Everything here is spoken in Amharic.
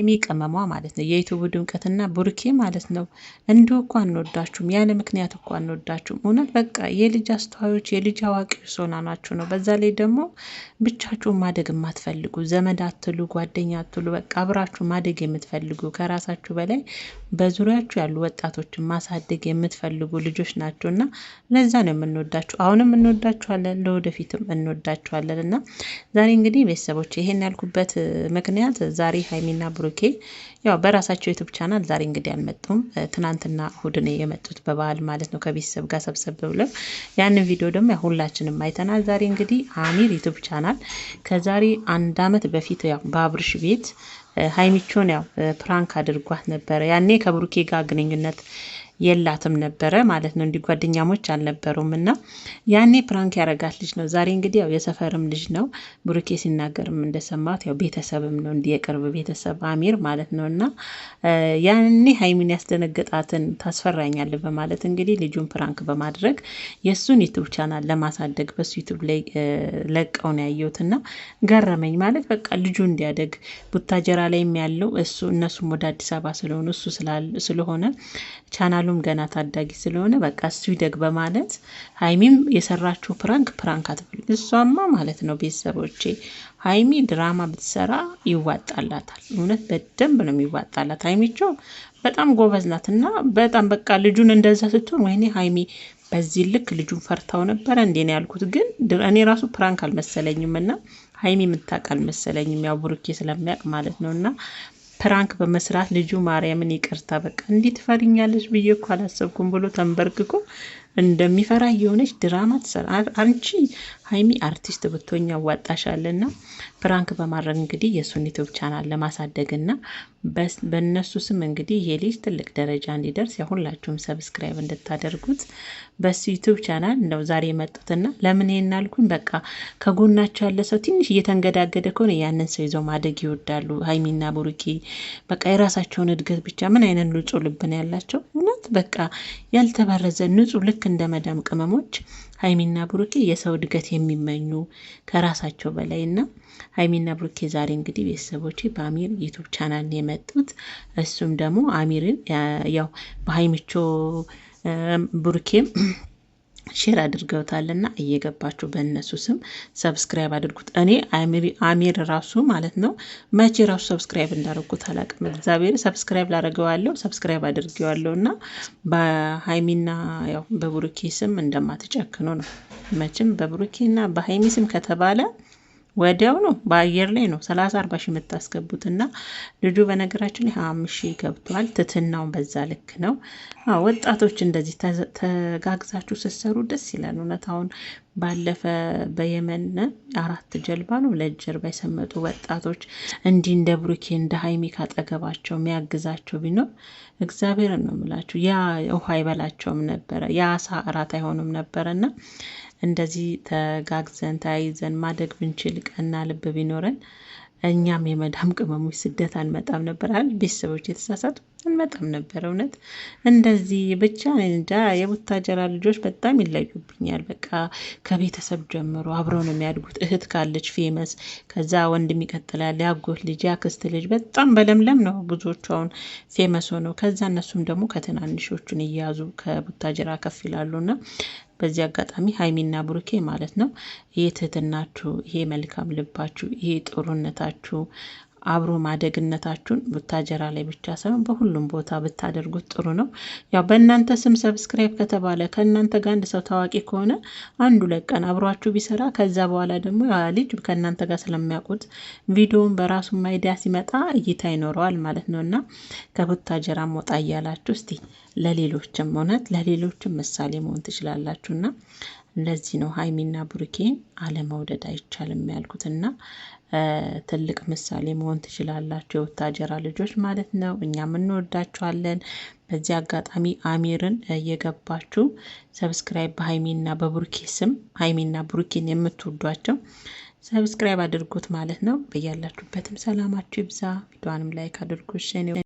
የሚቀመሟ ማለት ነው። የዩቱቡ ድምቀትና ቡርኬ ማለት ነው። እንዲሁ እኮ አንወዳችሁም፣ ያለ ምክንያት እኮ አንወዳችሁም። እውነት በቃ የልጅ አስተዋዮች የልጅ ሶና ናችሁ ነው። በዛ ላይ ደግሞ ብቻችሁ ማደግ የማትፈልጉ ዘመድ አትሉ፣ ጓደኛ አትሉ፣ በቃ አብራችሁ ማደግ የምትፈልጉ ከራሳችሁ በላይ በዙሪያችሁ ያሉ ወጣቶችን ማሳደግ የምትፈልጉ ልጆች ናቸው እና ለዛ ነው የምንወዳችሁ። አሁንም እንወዳችኋለን፣ ለወደፊትም እንወዳችኋለን እና ዛሬ እንግዲህ ቤተሰቦች ይሄን ያልኩበት ምክንያት ዛሬ ሀይሚና ብሩ ብሩኬ ያው በራሳቸው ዩቱብ ቻናል ዛሬ እንግዲህ አልመጡም። ትናንትና እሁድ ነው የመጡት በበዓል ማለት ነው ከቤተሰብ ጋር ሰብሰብ ብለው ያንን ቪዲዮ ደግሞ ሁላችንም አይተናል። ዛሬ እንግዲህ አሚር ዩቱብ ቻናል ከዛሬ አንድ አመት በፊት ያው በአብርሽ ቤት ሀይሚቾን ያው ፕራንክ አድርጓት ነበረ። ያኔ ከብሩኬ ጋር ግንኙነት የላትም ነበረ ማለት ነው። እንዲህ ጓደኛሞች አልነበሩም እና ያኔ ፕራንክ ያረጋት ልጅ ነው። ዛሬ እንግዲህ ያው የሰፈርም ልጅ ነው። ብሩኬ ሲናገርም እንደሰማት ያው ቤተሰብም ነው እንዲህ የቅርብ ቤተሰብ አሚር ማለት ነው እና ያኔ ሀይሚን ያስደነገጣትን ታስፈራኛል በማለት እንግዲህ ልጁን ፕራንክ በማድረግ የእሱን ዩቱብ ቻናል ለማሳደግ በሱ ዩቱብ ላይ ለቀው ነው ያየሁት እና ገረመኝ ማለት በቃ ልጁ እንዲያደግ ቡታጀራ ላይም ያለው እሱ እነሱም ወደ አዲስ አበባ ስለሆኑ እሱ ስለሆነ ቻናሉ ሄሉም ገና ታዳጊ ስለሆነ በቃ እሱ ይደግ በማለት ሀይሚም የሰራችው ፕራንክ ፕራንክ አትፈልግ። እሷማ ማለት ነው ቤተሰቦቼ ሀይሚ ድራማ ብትሰራ ይዋጣላታል። እውነት በደንብ ነው የሚዋጣላት። ሀይሚቾ በጣም ጎበዝ ናት እና በጣም በቃ ልጁን እንደዛ ስትሆን ወይኔ ሀይሚ በዚህ ልክ ልጁን ፈርታው ነበረ እንዴ ነው ያልኩት። ግን እኔ ራሱ ፕራንክ አልመሰለኝም እና ሀይሚ የምታውቅ አልመሰለኝም፣ ያው ብሩኬ ስለሚያውቅ ማለት ነው እና ፕራንክ በመስራት ልጁ ማርያምን ይቅርታ በቃ እንዴት ፈሪኛለች ብዬ እኮ አላሰብኩም ብሎ ተንበርክኮ እንደሚፈራ የሆነች ድራማ ትሰራ። አንቺ ሀይሚ አርቲስት ብትሆኝ ያዋጣሻልና ፕራንክ በማድረግ እንግዲህ የእሱን ዩቲዩብ ቻናል ለማሳደግና በእነሱ ስም እንግዲህ ይሄ ልጅ ትልቅ ደረጃ እንዲደርስ ያሁላችሁም ሰብስክራይብ እንድታደርጉት በሱ ዩቲዩብ ቻናል እንደው ዛሬ የመጡትና ለምን ይሄን በቃ ከጎናቸው ያለ ሰው ትንሽ እየተንገዳገደ ከሆነ ያንን ሰው ይዘው ማደግ ይወዳሉ። ሀይሚና ቡሩኬ በቃ የራሳቸውን እድገት ብቻ ምን አይነት ሉጮ ልብን ያላቸው በቃ ያልተበረዘ ንጹህ ልክ እንደ መዳም ቅመሞች ሀይሚና ብሩኬ የሰው እድገት የሚመኙ ከራሳቸው በላይ እና ሀይሚና ብሩኬ ዛሬ እንግዲህ ቤተሰቦች በአሚር ዩቱብ ቻናል የመጡት እሱም ደግሞ አሚርን ያው በሀይሚቾ ብሩኬም ሼር አድርገውታልና እየገባችሁ በእነሱ ስም ሰብስክራይብ አድርጉት። እኔ አሚር ራሱ ማለት ነው መቼ ራሱ ሰብስክራይብ እንዳደረጉት አላቅም። እግዚአብሔር ሰብስክራይብ ላደረገዋለሁ ሰብስክራይብ አድርጌዋለሁ እና በሀይሚና ያው በብሩኬ ስም እንደማትጨክኑ ነው መቼም በብሩኬና በሀይሚ ስም ከተባለ ወዲያው ነው በአየር ላይ ነው ሰላሳ አርባ ሺህ የምታስገቡት እና ልጁ በነገራችን ላይ አምስት ሺህ ገብቷል። ትትናውን በዛ ልክ ነው። ወጣቶች እንደዚህ ተጋግዛችሁ ስትሰሩ ደስ ይላል። እውነት አሁን ባለፈ በየመን አራት ጀልባ ነው ለጀርባ የሰመጡ ወጣቶች እንዲህ እንደ ብሩኬ እንደ ሀይሚ ካጠገባቸው የሚያግዛቸው ቢኖር እግዚአብሔርን ነው የምላችሁ ያ ውሃ አይበላቸውም ነበረ፣ የአሳ እራት አይሆኑም ነበረ እና እንደዚህ ተጋግዘን ተያይዘን ማደግ ብንችል ቀና ልብ ቢኖረን እኛም የመዳም ቅመሞች ስደት አንመጣም ነበር አይደል? ቤተሰቦች የተሳሳቱ አንመጣም ነበር። እውነት እንደዚህ ብቻ እንጃ። የቡታጀራ ልጆች በጣም ይለዩብኛል። በቃ ከቤተሰብ ጀምሮ አብረው ነው የሚያድጉት። እህት ካለች ፌመስ፣ ከዛ ወንድም ይቀጥላል፣ ያጎት ልጅ፣ ያክስት ልጅ። በጣም በለምለም ነው ብዙዎቹ አሁን ፌመስ ሆነው፣ ከዛ እነሱም ደግሞ ከትናንሾቹን እያያዙ ከቡታጀራ ከፍ ይላሉ ይላሉና በዚህ አጋጣሚ ሀይሚና ብሩኬ ማለት ነው ይሄ ትህትናችሁ፣ ይሄ መልካም ልባችሁ፣ ይሄ ጥሩነታችሁ አብሮ ማደግነታችሁን ቡታጀራ ላይ ብቻ ሳይሆን በሁሉም ቦታ ብታደርጉት ጥሩ ነው። ያው በእናንተ ስም ሰብስክራይብ ከተባለ ከእናንተ ጋር አንድ ሰው ታዋቂ ከሆነ አንድ ሁለት ቀን አብሯችሁ ቢሰራ ከዛ በኋላ ደግሞ ያ ልጅ ከእናንተ ጋር ስለሚያውቁት ቪዲዮውን በራሱ ማይዲያ ሲመጣ እይታ ይኖረዋል ማለት ነው እና ከቡታጀራ ሞጣ እያላችሁ እስቲ ለሌሎችም እውነት ለሌሎችም ምሳሌ መሆን ትችላላችሁና ለዚህ ነው ሀይሚና ብሩኬን አለመውደድ አይቻልም ያልኩትና ትልቅ ምሳሌ መሆን ትችላላችሁ የወታጀራ ልጆች ማለት ነው። እኛም እንወዳችኋለን። በዚህ አጋጣሚ አሚርን እየገባችሁ ሰብስክራይብ በሀይሚና በብሩኬ ስም ሀይሚና ብሩኬን የምትወዷቸው ሰብስክራይብ አድርጉት ማለት ነው። በያላችሁበትም ሰላማችሁ ይብዛ። ቪዲዮንም ላይክ አድርጉ።